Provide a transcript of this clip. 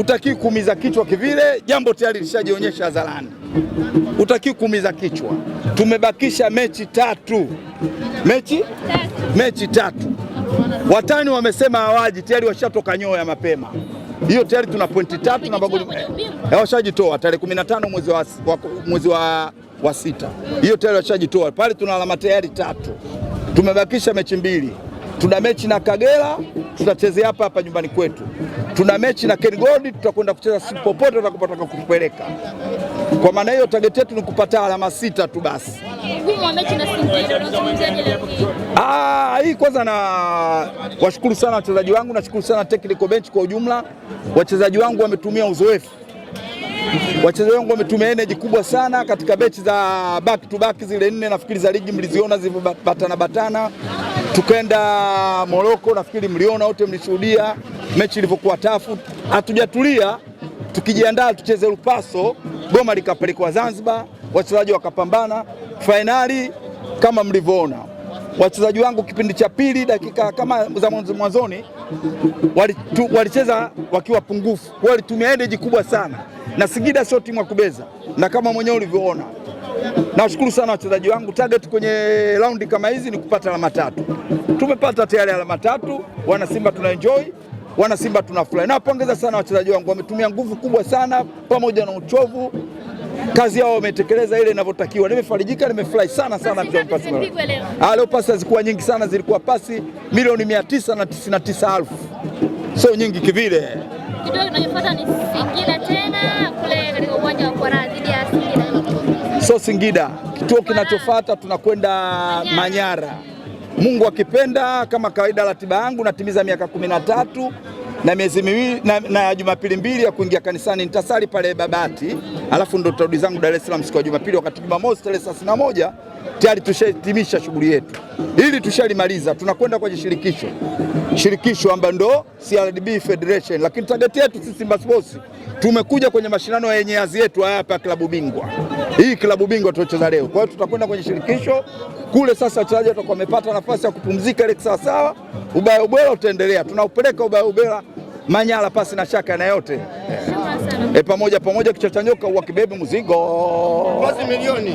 utakii kuumiza kichwa kivile, jambo tayari lishajionyesha hadharani. utakii kuumiza kichwa. Tumebakisha mechi tatu, mechi mechi tatu. Watani wamesema hawaji, tayari washatoka nyoo ya mapema. Hiyo tayari tuna pointi tatu na magoli eh, washajitoa tarehe 15 mwezi wa, mwezi wa, wa sita. Hiyo tayari washajitoa pale, tuna alama tayari tatu. Tumebakisha mechi mbili. Tuna mechi na Kagera, tutachezea hapa hapa nyumbani kwetu. Tuna mechi na Kengodi, tutakwenda kucheza siku popote tutakapotaka kupeleka. Kwa maana hiyo target yetu ni kupata alama sita tu basi. Ah, hii kwanza na washukuru sana wachezaji wangu, nashukuru sana technical bench kwa ujumla. Wachezaji wangu wametumia uzoefu wachezaji wangu wametumia energy kubwa sana katika mechi za back to back zile nne, nafikiri za ligi mliziona zilivyobatana batana, batana tukenda Moroko, nafikiri mliona wote, mlishuhudia mechi ilivyokuwa tafu. Hatujatulia tukijiandaa tucheze lupaso, goma likapelekwa Zanzibar, wachezaji wakapambana. Fainali kama mlivyoona, wachezaji wangu kipindi cha pili, dakika kama za mwanzoni, walicheza wakiwa pungufu, walitumia energy kubwa sana, na Singida sio timu ya kubeza, na kama mwenyewe ulivyoona Nashukuru sana wachezaji wangu, target kwenye raundi kama hizi ni kupata alama tatu. Tumepata tayari alama tatu, wana Simba tuna enjoy, wana Simba tunafurahi. Nawapongeza sana wachezaji wangu, wametumia nguvu kubwa sana pamoja na uchovu kazi yao wametekeleza ile inavyotakiwa. Nimefarijika, nimefurahi sana sana. Ah, leo pasi hazikuwa nyingi sana, zilikuwa pasi milioni mia tisa na tisini na tisa elfu, sio nyingi kivile. Kidogo tunachofuata ni Singida tena Singida. Kituo kinachofuata tunakwenda Manyara. Mungu akipenda, kama kawaida, ratiba yangu natimiza miaka kumi na tatu na miezi miwili na, na Jumapili mbili ya kuingia kanisani nitasali pale Babati, alafu ndo tarudi zangu Dar es Salaam siku ya Jumapili, wakati Jumamosi tarehe thelathini na moja tayari tushahitimisha shughuli yetu, ili tushalimaliza. Tunakwenda kwenye shirikisho, shirikisho ambayo ndo CRDB Federation, lakini target yetu sisi Simba Sports tumekuja kwenye mashindano yenye azi yetu haya hapa klabu bingwa hii klabu bingwa tuliocheza leo. Kwa hiyo tutakwenda kwenye shirikisho kule, sasa wachezaji watakuwa wamepata nafasi ya kupumzika ile sawa. Ubaya ubora utaendelea, tunaupeleka ubaya ubora Manyara pasi na shaka na yote yeah. E, pamoja pamoja, kichachanyoka cha kibebe mzigo. Basi milioni